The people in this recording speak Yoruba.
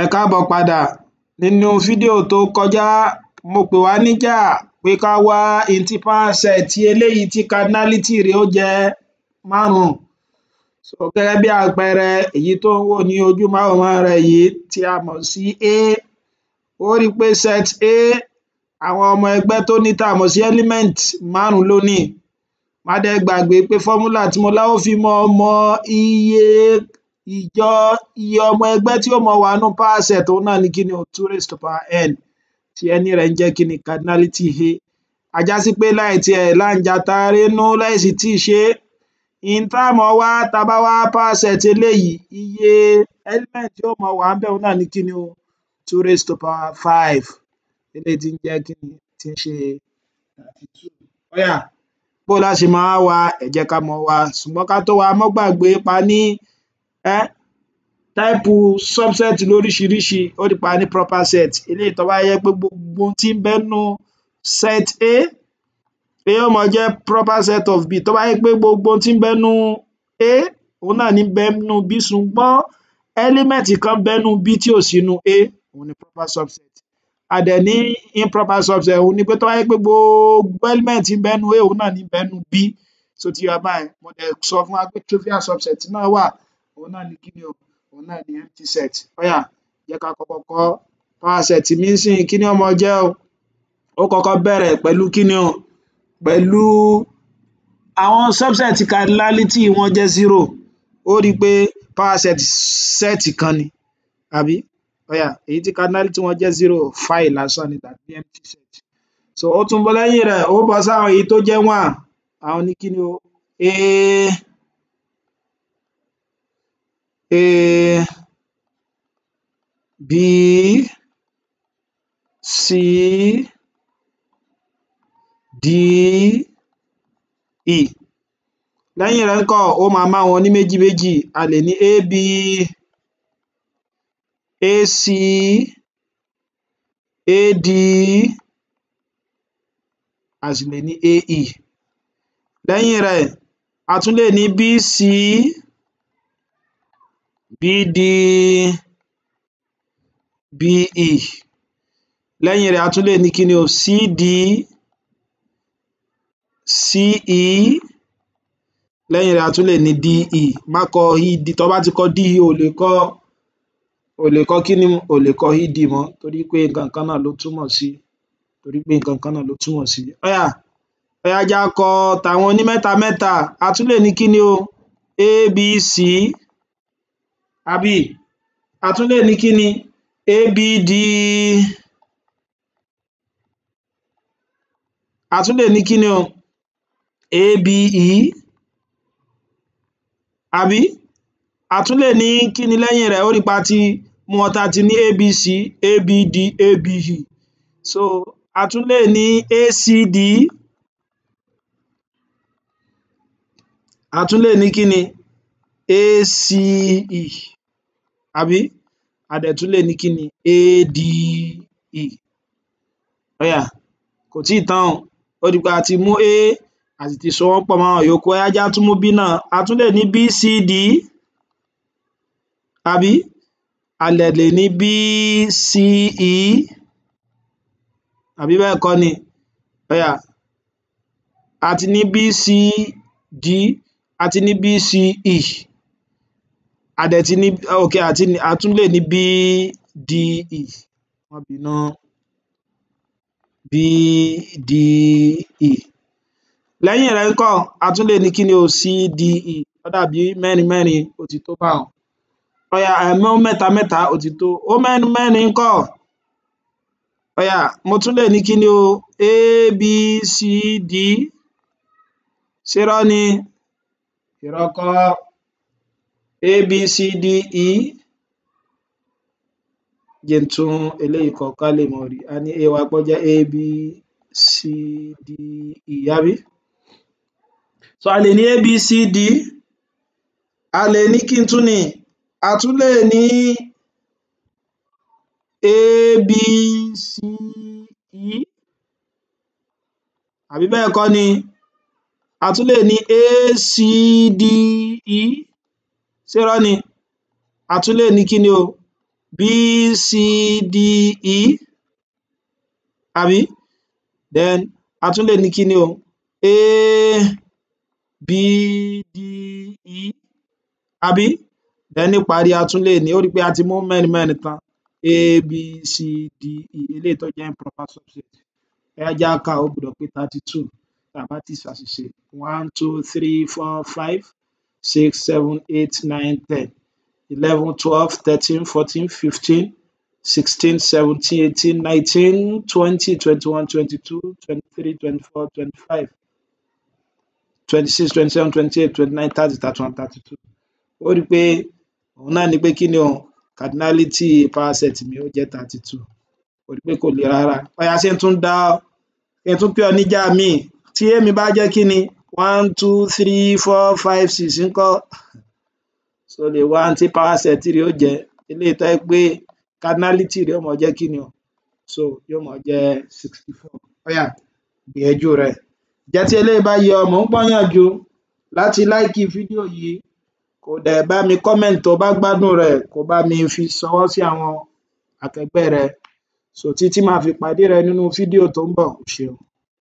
ẹ káàbọ̀ padà nínú fídíò tó kọjá mo pè wá níjà pé ká wá n ti eléyìí tí cardinality rẹ̀ ó jẹ́ márùn-ún so gẹ́gẹ́ bí àpẹẹrẹ èyí tó ń wò ní ojú márùn-ún rẹ̀ yìí tí a mọ̀ sí A ó rí pé set A àwọn ọmọ ẹgbẹ́ tó ní a mọ̀ sí element márùn-ún ló ní má dẹ̀ gbàgbé pé fọ́múlà tí fi mọ iye ìjọ iye ọmọ ẹgbẹ́ tí ó mọ wà nínú power set náà ni kíni o two raised to power n tí n rẹ̀ ń jẹ́ kíni cardinality a a já sí pé láì tiẹ̀ láǹjata rénú láì sì tíì ṣe é n tá a mọ wá tá a eléyìí iye element tí ó mọ wà ńbẹ̀ òun náà ni kíni o two raised to power five eléyìí tí ń jẹ́ kíni tí ń ṣe thirty two ó yá bó la ṣe máa wá wa jẹ́ ká mọ wá ṣùgbọ́n ká tó wá mọ́ gbàgbé pa ní táìpù subset lóríṣiríṣi ó di pa ní proper set eléyìí tó bá jẹ́ pé gbogbo ohun tí ń bẹ set A A yóò máa jẹ́ proper set of B tó bá jẹ́ pé gbogbo ohun tí ń bẹ A òun náà ní ń B ṣùgbọ́n element kan bẹ nínú B tí ò sí nínú A òun ni proper subset a dẹ̀ ní improper subset òun ni pé tó bá jẹ́ pé gbogbo element ń bẹ A òun náà ní ń B so ti yé wa báyẹn mo dẹ̀ sọ fún wa pé trivial subset náà wà òun náà ni kíni o òun náà ni empty set óyá jẹ́ ká kọ́kọ́ kọ power set mi ńsìnyí kí ni ó máa jẹ́ o ó kọ́kọ́ bẹ̀rẹ̀ pẹ̀lú kíni o pẹ̀lú àwọn subset cardinality wọn jẹ́ zero ó rí i pé power set set kan ni àbí óyá èyí tí cardinality wọn jẹ́ zero five lásán ni tàbí empty set so ó tún bọ́ lẹ́yìn rẹ̀ ó bọ́ sáwọn èyí tó jẹ́ one àwọn ni kíni o um A B C D E lẹ́yìn rẹ̀ ńkọ́ ó máa máa wọn ní méjì méjì a lè ní AB AC AD a sì lè ní E. lẹ́yìn rẹ̀ a tún lè ní BC BDBE lẹ́yìn rẹ̀ a tún lè ní kí ni o CD CE lẹ́yìn rẹ̀ a tún lè ní DE má kọ ED tó bá ti kọ DE ò lè kọ ò lè kọ kí ni ò lè kọ ED mọ́ torí pé nǹkan kan náà ló túmọ̀ sí torí pé nǹkan kan náà ló túmọ̀ sí ó yá ó kọ tàwọn onímẹ́ta mẹ́ta a tún lè ní kí ni o ABC àbí a tún ní kí ni abd a tún lè ní kí ni o abe àbí a tún lè ní kí ni e. lẹ́yìn rẹ̀ ó rí pa ti mú ọta ti ní abc abd abe so a tún lè ní acd a tún lè ní kí ni ace àbí? A dẹ̀ tún lè ní kí ni ADE ó yá kò tíì tán o ó di pé a ti mú A a sì ti so wọ́n pọ̀ mọ́ àwọn yòókù ó yá ẹ jẹ́ á tún mú B náà a tún lè ní BCD àbí? A dẹ̀ lè ní BCE àbí bẹ́ẹ̀ kọ́ ni? ó yá a ti ní BCD a ti ní BCE àdẹ̀tí ní okay àti àtún lè ní BDE má bínú BDE lẹ́yìn rẹ̀ ńkọ́ a tún lè ní kí ni o CDE ó dàbí mẹ́rin mẹ́rin ó ti tó báhun ó yá ẹ̀mọ́ mẹ́ta mẹ́ta ó ti ó mẹ́rin mẹ́rin ńkọ́ ó yá mo tún lè ní kí ni o ABCD ṣé irọ́ ni irọ́ kọ́ abcde jẹ́ ń tún eléyìí kọ ká lè mọ rí i a ní a B C D E àbí so a B C D, a lè ní kí n tún ní a tún lè ní abce àbí bẹ́ẹ̀ kọ́ ni a tún lè ní acde ṣé irọ́ ni? a tún lè ní kí ni o BCDE àbí then a tún lè ní kí ni o ABDE àbí then níparí a tún lè ní ó rí i pé a ti mú mẹ́rin mẹ́rin tán ABCDE eléyìí tó jẹ́ improper subject ẹ jẹ́ á kà ó gbọ́dọ̀ pé thirty two tá a bá ti ṣàṣìṣe one two three four five six, seven, eight, nine, ten, eleven, twelve, thirteen, fourteen, fifteen, sixteen, seventeen, eighteen, nineteen, twenty, twenty-one, twenty-two, twenty-three, twenty-four, twenty-five, twenty-six, twenty-seven, twenty-eight, twenty-nine, thirty, thirty-one, thirty-two. Ó rí i pé òun náà ni pé kí ni o cardinality power set mi ó jẹ́ thirty-two. Ó rí i pé kò le rárá. Ó yá ṣé n tún dá ṣé n tún pè ọ́ níjà míì tí èmi bá jẹ́ kí ni one two three four five six ńkọ́ so lè wá ohun tí power set rẹ̀ ó jẹ́ eléyìí tó jẹ́ pé cardinality rẹ̀ yóò máa jẹ́ kí ni o so yóò máa jẹ́ sixty four óyá gbìyànjú rẹ̀ ǹjẹ́ tí eléyìí bá yé ọ mò ń gbìyànjú láti láìkì fídíò yìí kò dẹ̀ bá mi comment tó bá gbádùn rẹ̀ kó bá mi fi ṣọwọ́ sí àwọn akẹgbẹ́ rẹ so títí màá fi pàdé rẹ nínú fídíò tó ń bọ̀ o ṣeun